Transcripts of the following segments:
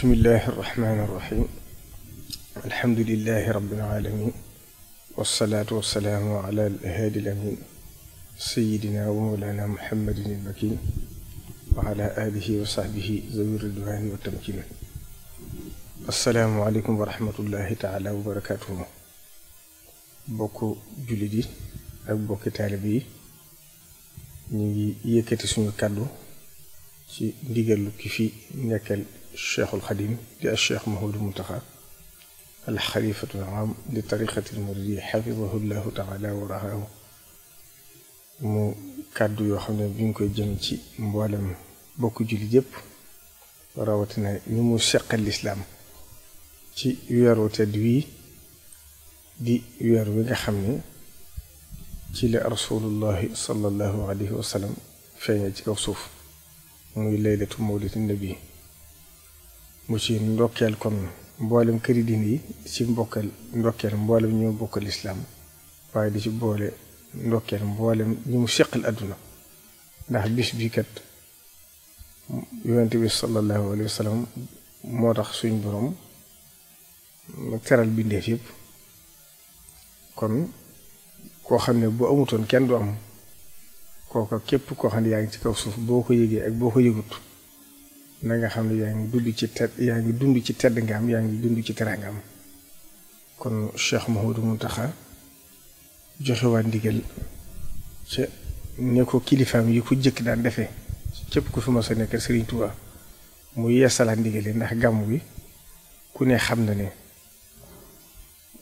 bismillahi irrahmani irrahim alhamdulilahi rabilalamin walsalaatu walsalaamu ala alhaadi alamin sayidina wa mawlana muhammadin almakin wa ala alihi wa saxbihi zawi ridwani wa tamkin assalaamu aleykum wa rahmatullahi taala wa barakatuhu bokk jullit yi ak bokki taalib yi ñu ngi yëkkati suñu kàddu ci ndigalu ki fi nekkal cheikhul xadim di al cheikh Mahmoud Muntaxa al xalifatul aam li tariqati lmuridi xafidahu llahu taala wa mu kàddu yoo xam ne bi ñu koy jëm ci mboolem bokk jullit yépp rawatina ñu mu seqal lislaam ci weeru tedd wii di weer wi nga xam ne ci la rasulullahi sallallahu alayhi feeñee ci kaw suuf muy laylatu mawlidin nabi mu ci ndokkeel kon mboolem këri diine yi ci mbokkal ndokkeel mboolem ñoo bokkal waaye di ci boole ndokkeel mboolem ñi mu seqal àdduna ndax bis bii kat yonent bi sallallahu alayhi wa moo tax suñ borom teral bindeef yëpp kon koo xam ne bu amutoon kenn du am kooka képp koo xam ne yaa ngi ci kaw suuf boo ko yëgee ak boo ko yëgut na nga xam ne yaa ngi dund ci tedd yaa ngi dund ci tedd nga am yaa ngi dund ci teraangam kon Cheikh Mouhamadou Mountakha joxe waa ndigal ca ne ko kilifaam yi ko jëkk daan defe képp ko fi mos a nekk Serigne Touba mu yeesalaat ndigal ndax gàmmu bi ku ne xam na ne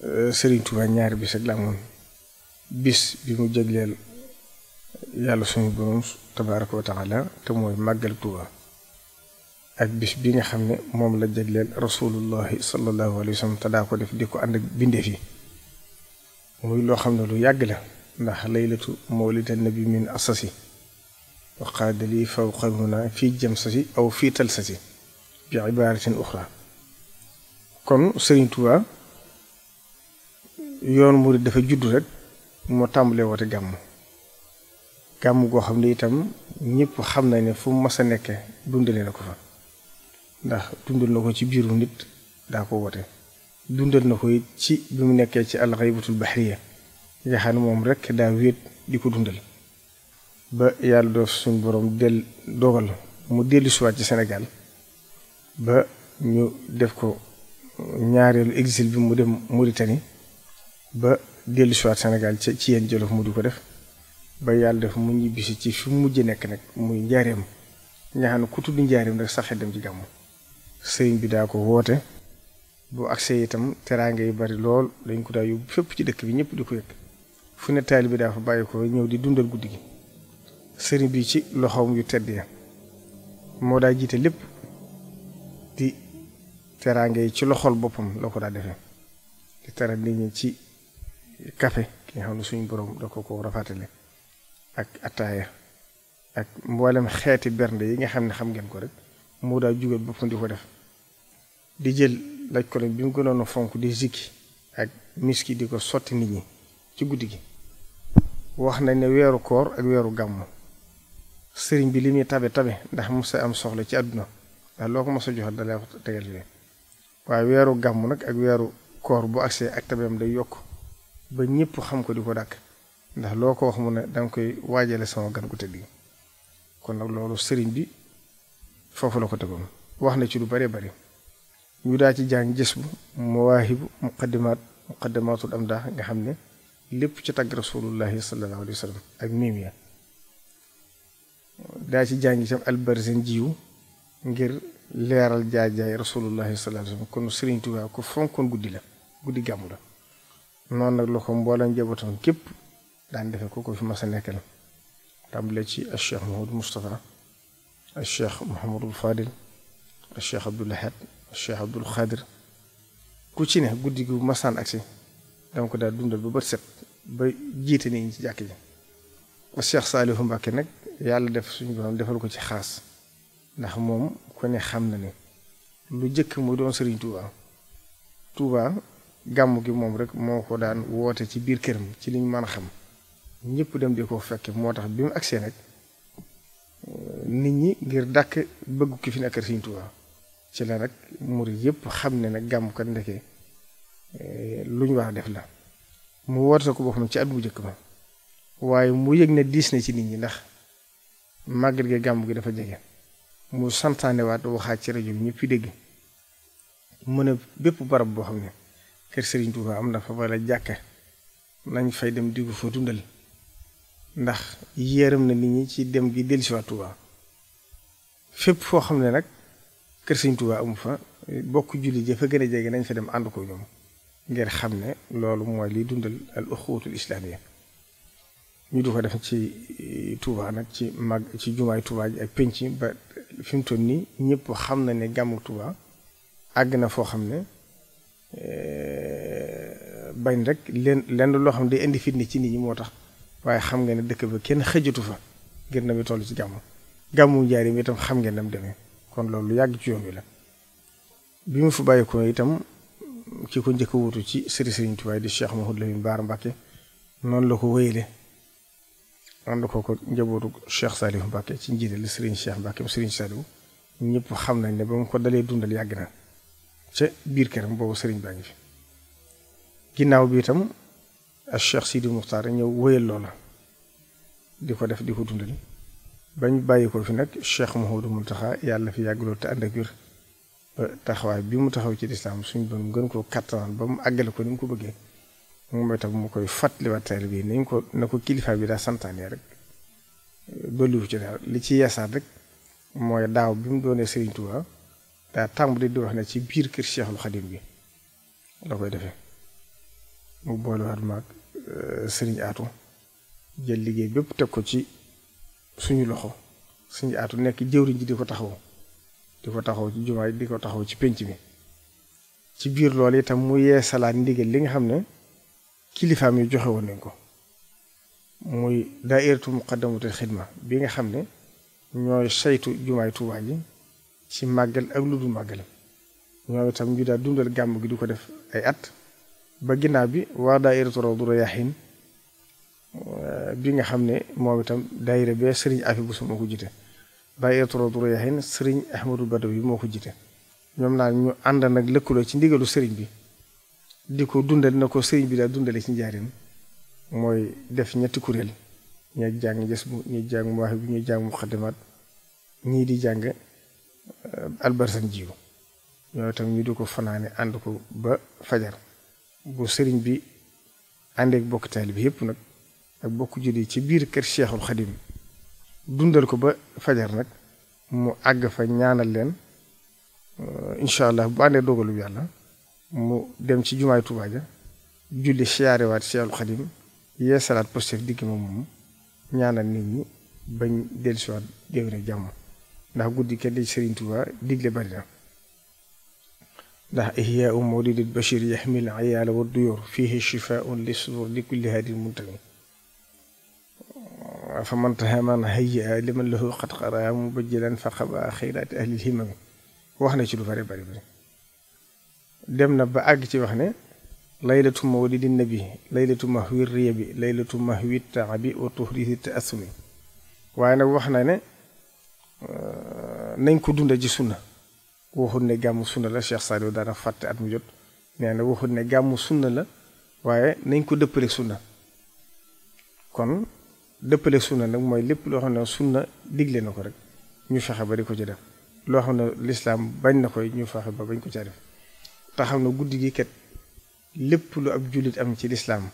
euh, Serigne Touba ñaari bis ak la amoon bis bi mu jégleel yàlla suñu borom tabaaraka wa te mooy màggal Touba. ak bis bi nga xam ne moom la jagleel rasulullahi sallallahu alayhi wa sallam te daa ko def di ko ànd ak bindeef yi muy loo xam ne lu yàgg la ndax laylatu mawlid annabi min asasi wa qaada li fawqa huna fii jamsasi aw fii talsasi bi ibaratin uxra kon Sëriñ Tuubaa yoon murid dafa juddu rek moo tàmbalee woote gàmm gàmm goo xam ne itam ñëpp xam na ne fu mu mas nekkee nekke dundale na ko fa ndax dundal na ko ci biiru nit daa ko wote dundal na ko ci bi mu nekkee ci alxaybatul baxriya nga xam ne moom rek daa wéet di ko dundal ba yàlla doo suñ borom del dogal mu dellu siwaat ci Sénégal ba ñu def ko ñaareelu exil bi mu dem Mauritanie ba dellu siwaat Sénégal ci ci yéen Jolof mu di ko def ba yàlla def mu ñibbisi ci fi mu mujj nekk nag muy njaareem nga xam ne ku tudd njaareem rek saxee dem ci gàmm sëriñ bi daa ko woote bu agsee itam teraange yu bari lool dañ ko daa yóbbu fépp ci dëkk bi ñëpp di ko yëg fu ne taali bi daa fa bàyyi ko ñëw di dundal guddi gi sëriñ bi ci loxoom yu tedd ya moo daa jiite lépp di teraange yi ci loxool boppam loo ko daa defee di teral nit ci kafe ki nga xam ne suñu borom da ko ko rafatale ak ataaya ak mboolem xeeti bernde yi nga xam ne xam ngeen ko rek moo daal jugal boppam di ko def di jël laj ko bi mu gënoon a fonk di zikki ak miski di ko sotti nit ñi ci guddi gi wax nañ ne weeru koor ak weeru gàmmu sëriñ bi li muy tabe tabe ndax mu sa am soxla ci àdduna ndax loo ko mos a joxat dala tegal fi waaye weeru gàmmu nag ak weeru koor bu agsee ak tabeem day yokk ba ñépp xam ko di ko dàkk ndax loo ko wax mu ne danga koy waajale sama gan gu tëdd gi kon nag loolu sëriñ bi foofu la ko tegoon wax na ci lu bare bari ñu daa ci jàng gis bu mawaahibu muqaddimaat muqaddimaatul am daa nga xam ne lépp ci tagg rasulullahi sallallahu ak miim ya daa ci jàng itam albarzin jiw ngir leeral jaajaay rasulullahi sallallahu alayhi wa sallam kon Serigne Touba ko fonkoon guddi la guddi gàmmu la noonu nag loxo mboolem njabootam képp daan defe ko ko fi mas a nekkal tàmbale ci Cheikh Mahmoud Moustapha al cheikh Mouhamadul Fadil al cheikh Abdoul Ahad al ku ci ne guddi gu masaan agsi dama ko daal dundal ba bët set ba jiite nit ci jàkk ji al cheikh Saalihu Mbàkke nag yàlla def suñu borom defal ko ci xaas ndax moom ku xam na ni lu jëkk muy doon sëriñ Touba Touba gàmm gi moom rek moo ko daan woote ci biir kër mi ci liñ mën a xam ñëpp dem di ko fekke moo tax bi mu agsee nag nit ñi ngir dàkk bëgg ki fi nekkal Sëriñ Tuubaa ci la nag murid yëpp xam ne nag gàmm kat ndeke eh, lu ñu wax def la mu woote ko ne ci at mu njëkk ba waaye mu yëg ne diis na ci nit ñi ndax màgget gi gàmm gi dafa jege mu santaane waat waxaat ci rajo bi ñëpp dégg mu ne bépp barab boo xam ne kër Sëriñ Tuubaa am na fa wala jàkka nañ fay dem diggu fa dundal ndax yéram na nit ñi ci dem gi dellusiwaat Touba fépp foo xam ne nag kër sëñ tubaa amu fa bokk julli ja fa gën a jege nañ fa dem ànd ko ñoom ngir xam ne loolu mooy liy dundal al uxuwatul islaamiya ñu du ko def ci eh, Touba nag ci mag ci jumaay tubaa ji ak penc ba fi mu toll nii ñëpp xam na ne gàmmu Touba àgg na foo xam ne eh, bañ rek lenn lenn loo xam ne day indi fitna ci nit ñi moo tax. waaye xam nga ne dëkk ba kenn xëjatu fa ngir na bi toll ci gàmmu gàmmu njaari mi itam xam ngeen dam deme kon loolu yàgg ci yoon wi la bi mu fa bàyyikoo itam ki ko njëkk wutu ci sëriñ sëriñ waaye di Cheikh Mouhamadou Lamine Bara Mbacké noonu la ko wéyale ànd ko ko njabootu Cheikh Salif Mbacké ci njiital sëriñ Cheikh Mbacké sëriñ Salif ñëpp xam nañ ne ba mu ko dalee dundal yàgg na ca biir këram boobu sëriñ baa ngi fi ginnaaw bi itam ak Cheikh Sidi Muxtaar ñëw wéyal loola di ko def di ko dundal bañ bàyyi ko fi nag Cheikh Mouhamadou taxa yàlla fi yàgg te ànd ak wér taxawaay bi mu taxaw ci lislaam suñ doon gën koo kattanal ba mu àggale ko ni mu ko bëggee moom mooy tax mu koy fàttaliwaat taalibe bi nañ ko na ko bi daa santaane rek dolliwu ci daal li ci yeesaat rek mooy daaw bi mu doonee Serigne Touba daa tàmbali di wax ne ci biir kër Cheikhul Khadim bi la koy defee mu Euh, sëriñ aatu jël liggéey bépp teg ko ci suñu loxo sëriñ atu nekk jëwriñ ji di ko taxaw di ko taxaw ci jumaa di ko taxaw ci pénc mi ci biir loolu itam mu yee salaat ndigal li nga xam ne kilifaam yi joxewoon nañ ko muy daairatu muqaddamatul xidma bi nga xam ne ñooy saytu jumaay Tuubaa ji ci màggal ak lu dul màggal ñoom itam ñu dundal gàmm gi du ko def ay at ba ginnaaw bi waa daayiratu Rawdu Rayaahiin eh, bi nga xam ne moom itam daayira bee Serigne Afi Bousso moo ko jiite daayiratu Rawdu sëriñ Serigne Ahmadou Badawi moo ko jiite ñoom naa ñu ànd nag lëkkaloo ci ndigalu sëriñ bi di ko dundal na ko Serigne bi daa dundale ci njaarim mooy def ñetti kuréel ñi jàng gës bu ñi jàng mu wax bi ñi jàng mu xaddimaat ñii di jàng eh, albarsan jiw ñoo itam ñu di ko fanaane ànd ko ba fajar bu sëriñ bi àndeek bokk taali bi yëpp nag ak bokk julli ci biir kër Cheikhul Khadim dundal ko ba fajar nag mu àgg fa ñaanal leen euh, incha allah bu àndee dogalu bi yàlla mu dem ci jumaay Tuubaa ja julli siyaarewaat Cheikhul Khadim yee salaat postef digg ma moom ñaanal nit ñi bañ dellusiwaat déwén jàmm ndax guddi kenn di Sëriñ Tuubaa digle bari na ndax ihyaau mawlidil bashir yaxmil ayaala wa duyóor fihi shifaun li sudur li kulli haadin muntami fa man tahaman hayya liman lahu qad qaraa mubajjilan fa xaba xayraati ahlil himami wax na ci lu bare bari bari dem na ba àgg ci wax ne laylatu mawlidin nabi laylatu mahwi riyabi laylatu mahwi taabi wa tuhrihi i waaye nag wax na ne nañ ko dunda ci sunna waxut ne gàmmu sunna la Cheikh Saliou daana fàtte at mu jot nee na waxut ne gàmmu sunna la waaye nañ ko dëppale sunna kon dëppale sunna nag mooy lépp loo xam ne sunna digle na ko rek ñu fexe ba di ko ci def loo xam ne lislaam bañ na koy ñu fexe ba bañ ko ca def te xam ne guddi gi kat lépp lu ab jullit am ci lislaam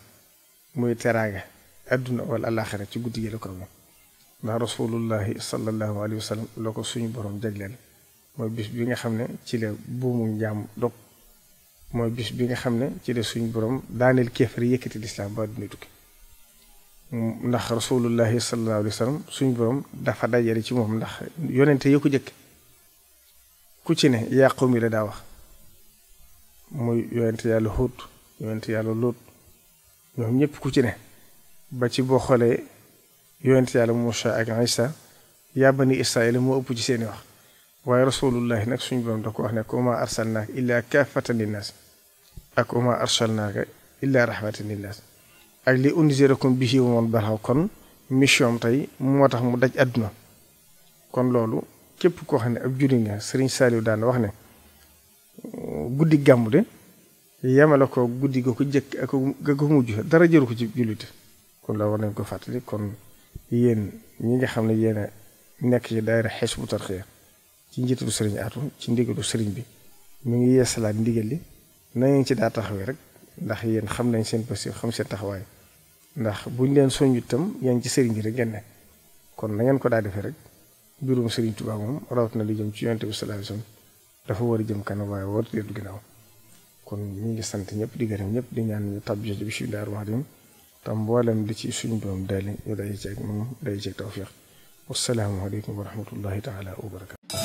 muy teraanga adduna wala alaxira ci guddi gi la ko amee ndax rasulullahi sallallahu alayhi wa loo ko suñu borom jagleel mooy bis bi nga xam ne ci la buumu njaam dog mooy bis bi nga xam ne ci la suñ borom daaneel kéefar yëkkati lislaam ba dina tukki ndax rasulullahi sallallahu alayhi wa sallam suñ borom dafa dajale ci moom ndax yonente yi ko jëkk ku ci ne yaa qawmi la daa wax muy yonente yàlla Huud yonente yàlla Luut ñoom ñëpp ku ci ne ba ci boo xoolee yonente yàlla Muusa ak Isa yaa bani Israayil moo ëpp ci seeni wax waaye rasulullahi nag suñu boom da ko wax ne ko ma arsalnaaka illa kaafatan linnaas ak ko ma arsalnaaka illa rahmatan linnaas ak li unzirakum bihi wa man balagha kon mission tey moo tax mu daj àdduna kon loolu képp koo xam ne ak jullit nga sëriñ Saliou daan wax ne guddi gàmmu de yemale ko guddi ga ko jëkk ak ga ko mujj dara jëru ko ci jullit kon la war nañ ko fàttali kon yéen ñi nga xam ne yéen nekk ci daayira Hizbut Tarqiyyah ci njiitalu sëriñ Aatu ci ndigalu sëriñ bi mu ngi salaat ndigal li na ngeen ci daa taxawee rek ndax yéen xam nañ seen posture xam seen taxawaay ndax buñ leen soññu itam yaa ngi ci sëriñ bi rek ngeen kon na ngeen ko daa defee rek mbirum sëriñ Tuubaa moom rawat na li jëm ci yonent bi sallallahu alayhi wasallam dafa war a jëm kanam ginnaaw kon ñu ngi sant ñëpp di gërëm ñëpp di ñaan ñu tabbi ci bismillahir rahmanir rahim tam mboolem di ci suñu doom daal ñu day ci ak moom day ci tawfiq wassalaamu aleykum wa rahmatullahi taala wa